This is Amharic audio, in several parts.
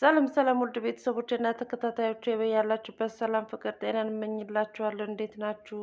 ሰላም ሰላም ውድ ቤተሰቦች እና ተከታታዮች የበያላችሁበት ሰላም ፍቅር ጤናን እመኝላችኋለሁ። እንዴት ናችሁ?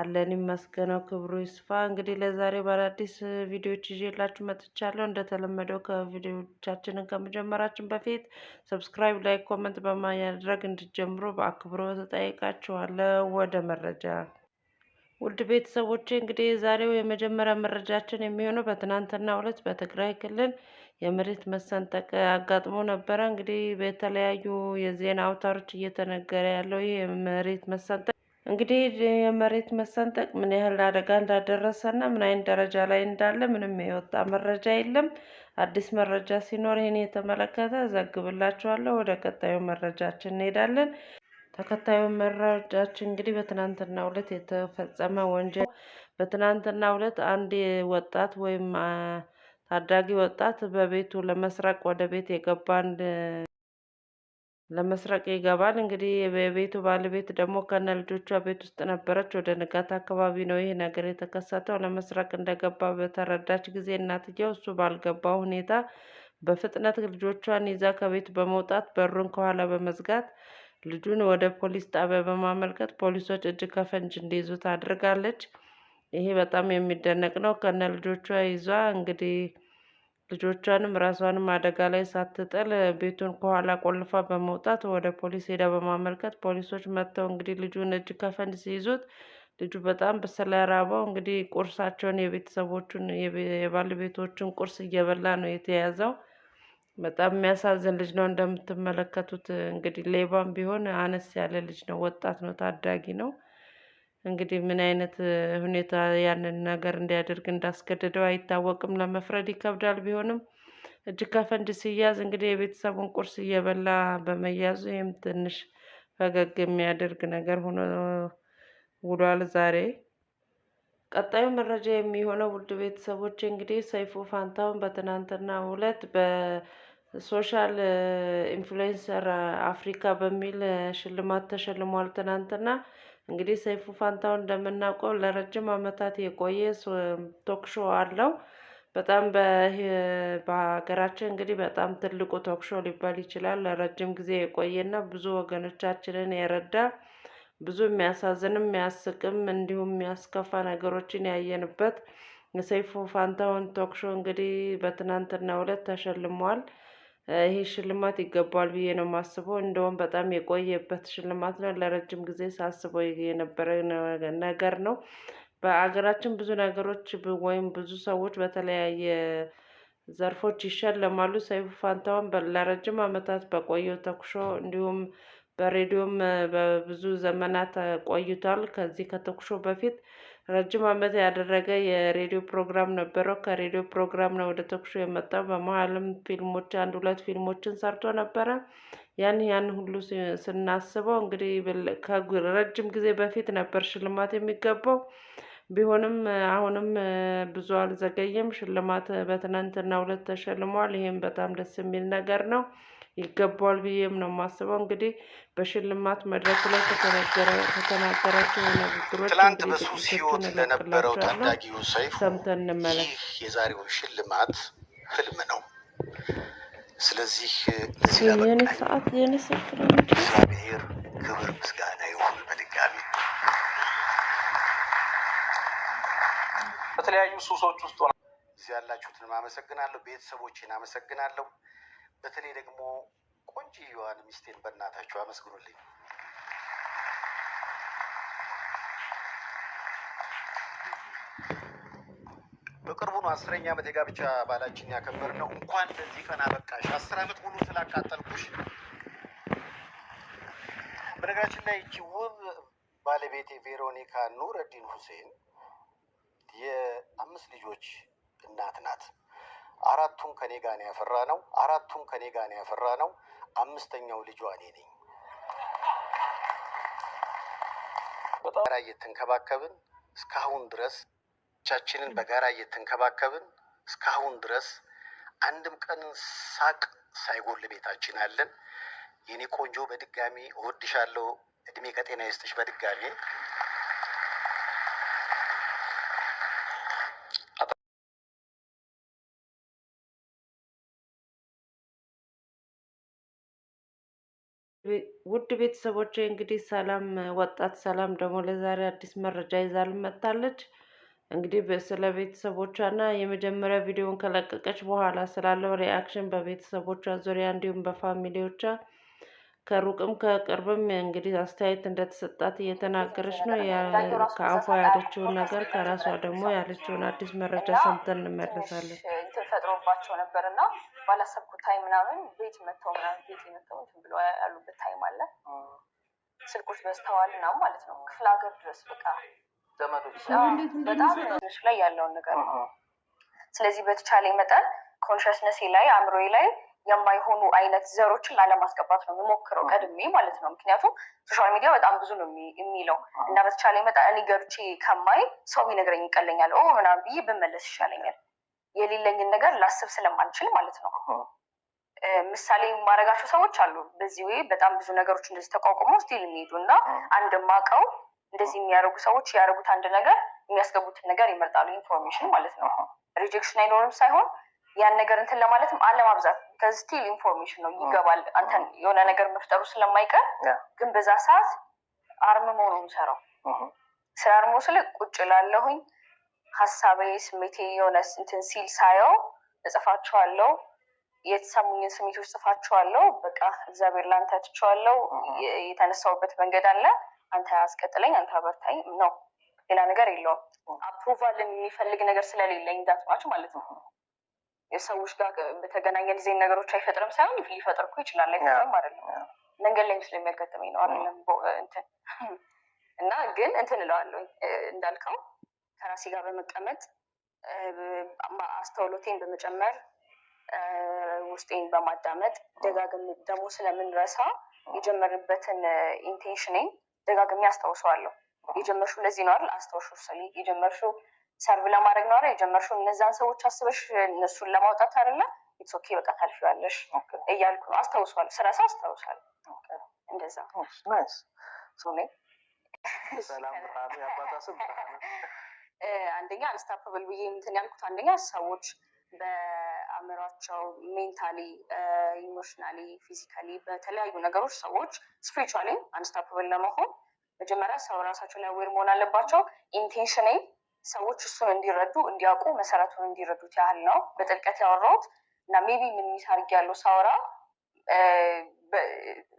አለን ይመስገነው፣ ክብሩ ይስፋ። እንግዲህ ለዛሬ በአዳዲስ ቪዲዮዎች ይዤላችሁ መጥቻለሁ። እንደተለመደው ከቪዲዮቻችንን ከመጀመራችን በፊት ሰብስክራይብ፣ ላይክ፣ ኮመንት በማድረግ እንድጀምሩ በአክብሮት ተጠይቃችኋለሁ። ወደ መረጃ ውድ ቤተሰቦቼ እንግዲህ ዛሬው የመጀመሪያ መረጃችን የሚሆነው በትናንትናው ዕለት በትግራይ ክልል የመሬት መሰንጠቅ አጋጥሞ ነበረ። እንግዲህ በተለያዩ የዜና አውታሮች እየተነገረ ያለው ይህ የመሬት መሰንጠቅ እንግዲህ የመሬት መሰንጠቅ ምን ያህል አደጋ እንዳደረሰና ምን አይነት ደረጃ ላይ እንዳለ ምንም የወጣ መረጃ የለም። አዲስ መረጃ ሲኖር ይህን የተመለከተ ዘግብላችኋለሁ። ወደ ቀጣዩ መረጃችን እንሄዳለን። ተከታዩ መረጃችን እንግዲህ በትናንትና ዕለት የተፈጸመ ወንጀል። በትናንትና ዕለት አንድ ወጣት ወይም ታዳጊ ወጣት በቤቱ ለመስረቅ ወደ ቤት የገባን ለመስረቅ ይገባል። እንግዲህ የቤቱ ባለቤት ደግሞ ከነ ልጆቿ ቤት ውስጥ ነበረች። ወደ ንጋት አካባቢ ነው ይህ ነገር የተከሰተው። ለመስረቅ እንደገባ በተረዳች ጊዜ እናትየው እሱ ባልገባው ሁኔታ በፍጥነት ልጆቿን ይዛ ከቤት በመውጣት በሩን ከኋላ በመዝጋት ልጁን ወደ ፖሊስ ጣቢያ በማመልከት ፖሊሶች እጅ ከፈንጅ እንዲይዙት አድርጋለች። ይሄ በጣም የሚደነቅ ነው። ከነ ልጆቿ ይዟ እንግዲህ ልጆቿንም ራሷንም አደጋ ላይ ሳትጥል ቤቱን ከኋላ ቆልፋ በመውጣት ወደ ፖሊስ ሄዳ በማመልከት ፖሊሶች መጥተው እንግዲህ ልጁን እጅ ከፈንድ ሲይዙት ልጁ በጣም ስለራበው እንግዲህ ቁርሳቸውን የቤተሰቦቹን የባለቤቶቹን ቁርስ እየበላ ነው የተያዘው። በጣም የሚያሳዝን ልጅ ነው። እንደምትመለከቱት እንግዲህ ሌባም ቢሆን አነስ ያለ ልጅ ነው፣ ወጣት ነው፣ ታዳጊ ነው። እንግዲህ ምን አይነት ሁኔታ ያንን ነገር እንዲያደርግ እንዳስገደደው አይታወቅም። ለመፍረድ ይከብዳል። ቢሆንም እጅ ከፈንጅ ሲያዝ እንግዲህ የቤተሰቡን ቁርስ እየበላ በመያዙ ይህም ትንሽ ፈገግ የሚያደርግ ነገር ሆኖ ውሏል ዛሬ። ቀጣዩ መረጃ የሚሆነው ውድ ቤተሰቦች እንግዲህ ሰይፉ ፋንታውን በትናንትና ዕለት በሶሻል ኢንፍሉዌንሰር አፍሪካ በሚል ሽልማት ተሸልሟል። ትናንትና እንግዲህ ሰይፉ ፋንታው እንደምናውቀው ለረጅም ዓመታት የቆየ ቶክሾ አለው። በጣም በሀገራችን እንግዲህ በጣም ትልቁ ቶክሾ ሊባል ይችላል። ለረጅም ጊዜ የቆየና ብዙ ወገኖቻችንን የረዳ ብዙ የሚያሳዝንም የሚያስቅም እንዲሁም የሚያስከፋ ነገሮችን ያየንበት የሰይፉ ፋንታውን ቶክሾ እንግዲህ በትናንትናው ዕለት ተሸልሟል። ይሄ ሽልማት ይገባዋል ብዬ ነው የማስበው። እንደውም በጣም የቆየበት ሽልማት ነው። ለረጅም ጊዜ ሳስበው የነበረ ነገር ነው። በአገራችን ብዙ ነገሮች ወይም ብዙ ሰዎች በተለያየ ዘርፎች ይሸለማሉ። ሰይፉ ፋንታሁን ለረጅም ዓመታት በቆየው ተኩሾ እንዲሁም በሬዲዮም በብዙ ዘመናት ቆይቷል። ከዚህ ከተኩሾ በፊት ረጅም ዓመት ያደረገ የሬዲዮ ፕሮግራም ነበረው። ከሬዲዮ ፕሮግራም ነው ወደ ቶክሾ የመጣው። በመሀልም ፊልሞች አንድ ሁለት ፊልሞችን ሰርቶ ነበረ። ያን ያን ሁሉ ስናስበው እንግዲህ ከረጅም ጊዜ በፊት ነበር ሽልማት የሚገባው። ቢሆንም አሁንም ብዙ አልዘገየም። ሽልማት በትናንትና ሁለት ተሸልሟል። ይህም በጣም ደስ የሚል ነገር ነው። ይገባዋል ብዬም ነው የማስበው። እንግዲህ በሽልማት መድረክ ላይ ከተናገራቸው ንግግሮች ትላንት በሱስ ሕይወት ለነበረው ታዳጊው ሰይፉ ሰምተን እንመለስ። የዛሬውን ሽልማት ህልም ነው። ስለዚህ የኔ ሰዓት እግዚአብሔር ክብር ምስጋና ይሁን። በድጋሚ በተለያዩ ሱሶች ውስጥ ያላችሁትን አመሰግናለሁ። ቤተሰቦችን አመሰግናለሁ። በተለይ ደግሞ ቆንጅየዋን ሚስቴን በእናታቸው አመስግኑልኝ። በቅርቡ ነው አስረኛ ዓመት የጋብቻ ባላችን ነው እንኳን ለዚህ ቀን አበቃሽ። አስር ዓመት ሙሉ ስላቃጠልኩሽ። በነገራችን ላይ ይቺ ውብ ባለቤት ቬሮኒካ ኑረዲን ሁሴን የአምስት ልጆች እናት ናት። አራቱን ከኔ ጋር ያፈራ ነው። አራቱን ከኔ ጋር ያፈራ ነው። አምስተኛው ልጇ እኔ ነኝ። በጋራ እየተንከባከብን እስካሁን ድረስ ቻችንን በጋራ እየተንከባከብን እስካሁን ድረስ አንድም ቀን ሳቅ ሳይጎል ቤታችን አለን። የኔ ቆንጆ በድጋሚ እወድሻለሁ። እድሜ ከጤና ይስጥሽ በድጋሚ ውድ ቤተሰቦች እንግዲህ ሰላም ወጣት ሰላም ደግሞ ለዛሬ አዲስ መረጃ ይዛል ልመጣለች። እንግዲህ ስለ ቤተሰቦቿና የመጀመሪያ ቪዲዮውን ከለቀቀች በኋላ ስላለው ሪያክሽን በቤተሰቦቿ ዙሪያ እንዲሁም በፋሚሊዎቿ ከሩቅም ከቅርብም እንግዲህ አስተያየት እንደተሰጣት እየተናገረች ነው። ከአፏ ያለችውን ነገር ከራሷ ደግሞ ያለችውን አዲስ መረጃ ሰምተን እንመለሳለን። እንትን ፈጥሮባቸው ነበር እና ባላሰብኩት ታይም ምናምን ቤት መተው ምናምን ቤት የመተው እንትን ብሎ ያሉበት ታይም አለ። ስልኮች በስተዋል ና ማለት ነው ክፍለ ሀገር ድረስ በቃ በጣም ላይ ያለውን ነገር ነው። ስለዚህ በተቻለ መጠን ኮንሽስነሴ ላይ አእምሮዬ ላይ የማይሆኑ አይነት ዘሮችን ላለማስገባት ነው የሚሞክረው ቀድሜ ማለት ነው። ምክንያቱም ሶሻል ሚዲያ በጣም ብዙ ነው የሚለው እና በተቻለ መጣ እኔ ገብቼ ከማይ ሰው ቢነግረኝ ይቀለኛል ምናምን ብዬ ብመለስ ይሻለኛል። የሌለኝን ነገር ላስብ ስለማንችል ማለት ነው። ምሳሌ የማደርጋቸው ሰዎች አሉ። በዚህ ወይ በጣም ብዙ ነገሮች እንደዚህ ተቋቁሞ ስቲል የሚሄዱ እና አንድ ማቀው እንደዚህ የሚያደርጉ ሰዎች ያደርጉት አንድ ነገር የሚያስገቡትን ነገር ይመርጣሉ። ኢንፎርሜሽን ማለት ነው። ሪጀክሽን አይኖርም ሳይሆን ያን ነገር እንትን ለማለትም አለማብዛት ከስቲል ኢንፎርሜሽን ነው hmm. ይገባል። አንተን የሆነ ነገር መፍጠሩ ስለማይቀር ግን በዛ ሰዓት አርም መሆኑ ሰራው mm-hmm. ስለ አርሞ ስለ ቁጭ ላለሁኝ ሀሳቤ ስሜቴ የሆነ እንትን ሲል ሳየው እጽፋችኋለሁ፣ የተሰሙኝን ስሜቶች ጽፋችኋለሁ። በቃ እግዚአብሔር ለአንተ ትችዋለው። mm-hmm. የተነሳውበት መንገድ አለ። አንተ አስቀጥለኝ፣ አንተ አበርታኝ ነው። ሌላ ነገር የለውም። አፕሩቫልን mm-hmm. የሚፈልግ ነገር ስለሌለኝ ዳትማች ማለት ነው የሰዎች ጋር በተገናኘ ጊዜ ነገሮች አይፈጥርም ሳይሆን ሊፈጥር እኮ ይችላል። አይፈጥርም አይደለም መንገድ ላይም ስለሚያጋጥመኝ ነው አይደለም እንትን እና ግን እንትን እለዋለሁ እንዳልከው ከራሴ ጋር በመቀመጥ አስተውሎቴን በመጨመር ውስጤን በማዳመጥ ደጋግም ደግሞ ስለምንረሳ የጀመርበትን ኢንቴንሽኔን ደጋግሜ አስታውሰዋለሁ። የጀመርሹ ለዚህ ነው አይደል? አስታውሽው ስል የጀመርሽው ሰርቭ ለማድረግ ነው የጀመርሽው። እነዛን ሰዎች አስበሽ እነሱን ለማውጣት አይደለ ኢትስ ኦኬ በቃ ታልፊዋለሽ እያልኩ ነው። አስታውሷል፣ ስረሳ አስታውሷል። እንደዛ አንደኛ አንስታፕብል ብዬ እንትን ያልኩት አንደኛ ሰዎች በአእምሯቸው ሜንታሊ፣ ኢሞሽናሊ፣ ፊዚካሊ በተለያዩ ነገሮች ሰዎች ስፕሪቹዋሊ አንስታፕብል ለመሆን መጀመሪያ ሰው ራሳቸው ላይ ዌር መሆን አለባቸው። ኢንቴንሽኔ ሰዎች እሱን እንዲረዱ እንዲያውቁ መሰረቱን እንዲረዱት ያህል ነው በጥልቀት ያወራሁት እና ሜቢ ምን ሚሳርግ ያለው ሳወራ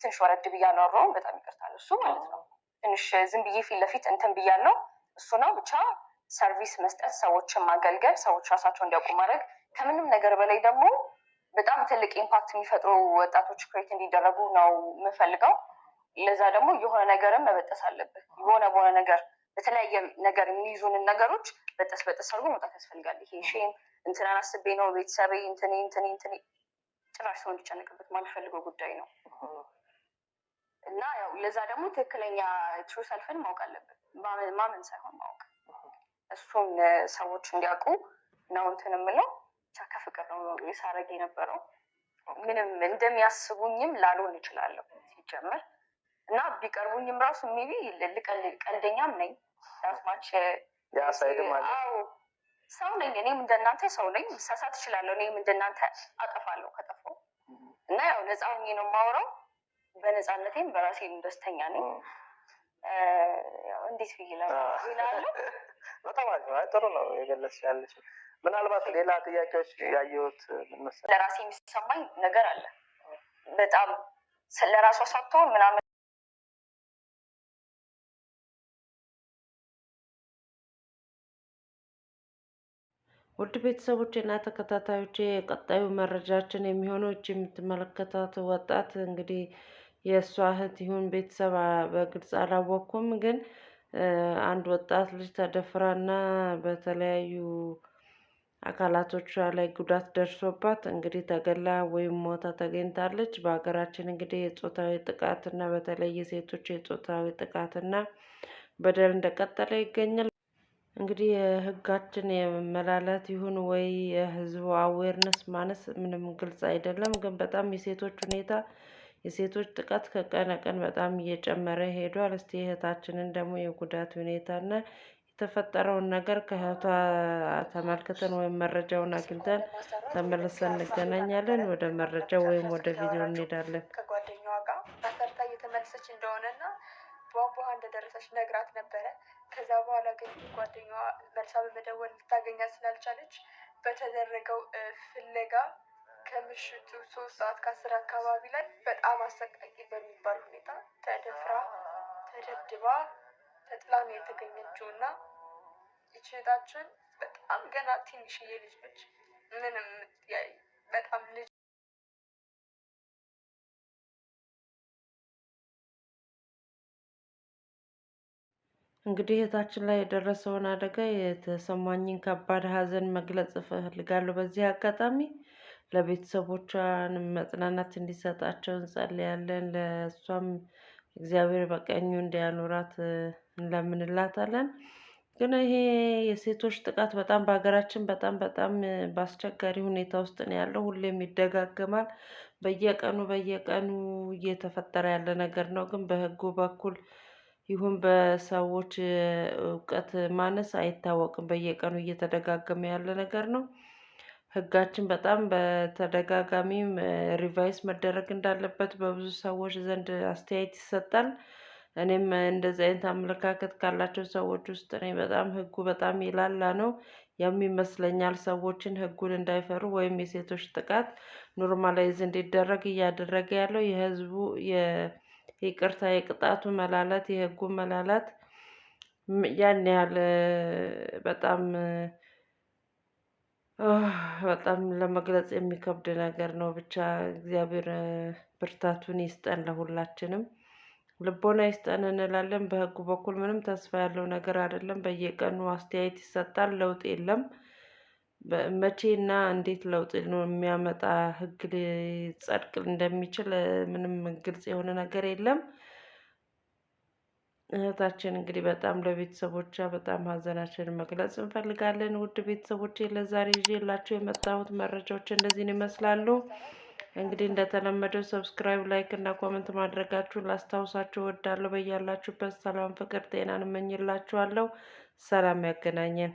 ትንሽ ወረድ ብዬ አላወራሁም። በጣም ይቅርታል። እሱ ማለት ነው ትንሽ ዝም ብዬ ፊት ለፊት እንትን ብያለው። እሱ ነው ብቻ ሰርቪስ መስጠት፣ ሰዎችን ማገልገል፣ ሰዎች ራሳቸው እንዲያውቁ ማድረግ። ከምንም ነገር በላይ ደግሞ በጣም ትልቅ ኢምፓክት የሚፈጥሩ ወጣቶች ክሬት እንዲደረጉ ነው የምፈልገው። ለዛ ደግሞ የሆነ ነገርም መበጠስ አለብህ የሆነ በሆነ ነገር በተለያየ ነገር የሚይዙንን ነገሮች በጠስ በጠስ አድርጎ መውጣት ያስፈልጋል። ይሄ ሼም እንትናን አስቤ ነው ቤተሰቤ እንትኔ እንትኔ እንትኔ ጭራሽ ሰው እንዲጨነቅበት ማልፈልገው ጉዳይ ነው እና ያው ለዛ ደግሞ ትክክለኛ ትሩ ሰልፍን ማወቅ አለብን። ማመን ሳይሆን ማወቅ እሱን ሰዎች እንዲያውቁ ነው እንትን የምለው ብቻ ከፍቅር ነው የሳረግ የነበረው ምንም እንደሚያስቡኝም ላልሆን እችላለሁ ሲጀምር እና ቢቀርቡኝም ራሱ ሜቢ ቀንደኛም ነኝ ዳስማች uh, uh, ሰው ነኝ። እኔም እንደናንተ ሰው ነኝ። ሳሳት እችላለሁ። እኔም እንደናንተ አጠፋለሁ ከጠፋው እና ያው ነፃ ሆኜ ነው የማወራው። በነፃነቴም በራሴ ደስተኛ ነኝ። mm. እንዴት ብዬ ah. በጣም በጣም ጥሩ ነው የገለጽ ያለች። ምናልባት ሌላ ጥያቄዎች ያየሁት ለራሴ የሚሰማኝ ነገር አለ በጣም ለራሷ ሳትሆን ምናምን ውድ እና ተከታታዮች የቀጣዩ መረጃችን የሚሆነው እች የምትመለከታት ወጣት እንግዲህ የእሷ እህት ይሁን ቤተሰብ በግልጽ አላወቅኩም፣ ግን አንድ ወጣት ልጅ ተደፍራና በተለያዩ አካላቶቿ ላይ ጉዳት ደርሶባት እንግዲህ ተገላ ወይም ሞታ ተገኝታለች። በሀገራችን እንግዲህ የጾታዊ ጥቃትና በተለይ ሴቶች የጾታዊ ጥቃትና በደል እንደቀጠለ ይገኛል። እንግዲህ የህጋችን የመላላት ይሁን ወይ የህዝቡ አዌርነስ ማነስ ምንም ግልጽ አይደለም። ግን በጣም የሴቶች ሁኔታ የሴቶች ጥቃት ከቀነ ቀን በጣም እየጨመረ ሄዷል። እስቲ እህታችንን ደግሞ የጉዳት ሁኔታና የተፈጠረውን ነገር ከእህቷ ተመልክተን ወይም መረጃውን አግኝተን ተመልሰን እንገናኛለን። ወደ መረጃው ወይም ወደ ቪዲዮ እንሄዳለን። ከጓደኛዋ ጋር በሰርታ እየተመለሰች እንደሆነና ቧንቧ እንደደረሰች ነግራት ነበረ ከዛ በኋላ ግን ጓደኛዋ መልሳ በመደወል ልታገኛት ስላልቻለች በተደረገው ፍለጋ ከምሽቱ ሶስት ሰዓት ከአስር አካባቢ ላይ በጣም አሰቃቂ በሚባል ሁኔታ ተደፍራ ተደብድባ ተጥላ ነው የተገኘችው እና ይችታችን በጣም ገና ትንሽዬ ልጅ ነች። ምንም በጣም ልጅ እንግዲህ እህታችን ላይ የደረሰውን አደጋ የተሰማኝን ከባድ ሐዘን መግለጽ እፈልጋለሁ። በዚህ አጋጣሚ ለቤተሰቦቿን መጽናናት እንዲሰጣቸው እንጸልያለን። ለእሷም እግዚአብሔር በቀኙ እንዲያኖራት እንለምንላታለን። ግን ይሄ የሴቶች ጥቃት በጣም በሀገራችን በጣም በጣም በአስቸጋሪ ሁኔታ ውስጥ ነው ያለው። ሁሌም ይደጋገማል። በየቀኑ በየቀኑ እየተፈጠረ ያለ ነገር ነው። ግን በህጉ በኩል ይሁን በሰዎች እውቀት ማነስ አይታወቅም በየቀኑ እየተደጋገመ ያለ ነገር ነው። ህጋችን በጣም በተደጋጋሚ ሪቫይስ መደረግ እንዳለበት በብዙ ሰዎች ዘንድ አስተያየት ይሰጣል። እኔም እንደዚህ አይነት አመለካከት ካላቸው ሰዎች ውስጥ ነኝ። በጣም ህጉ በጣም ይላላ ነው። ያም ይመስለኛል ሰዎችን ህጉን እንዳይፈሩ ወይም የሴቶች ጥቃት ኖርማላይዝ እንዲደረግ እያደረገ ያለው የህዝቡ የ ይቅርታ የቅጣቱ መላላት የህጉ መላላት ያን ያህል በጣም በጣም ለመግለጽ የሚከብድ ነገር ነው። ብቻ እግዚአብሔር ብርታቱን ይስጠን ለሁላችንም ልቦና ይስጠን እንላለን። በህጉ በኩል ምንም ተስፋ ያለው ነገር አይደለም። በየቀኑ አስተያየት ይሰጣል፣ ለውጥ የለም። መቼና እንዴት ለውጥ የሚያመጣ ህግ ሊጸድቅ እንደሚችል ምንም ግልጽ የሆነ ነገር የለም። እህታችን እንግዲህ በጣም ለቤተሰቦቿ በጣም ሀዘናችን መግለጽ እንፈልጋለን። ውድ ቤተሰቦቼ ለዛሬ ይዤላችሁ የመጣሁት መረጃዎች እንደዚህን ይመስላሉ። እንግዲህ እንደተለመደው ሰብስክራይብ፣ ላይክ እና ኮመንት ማድረጋችሁ ላስታውሳችሁ ወዳለሁ። በያላችሁበት ሰላም፣ ፍቅር፣ ጤናን እመኝላችኋለሁ። ሰላም ያገናኘን።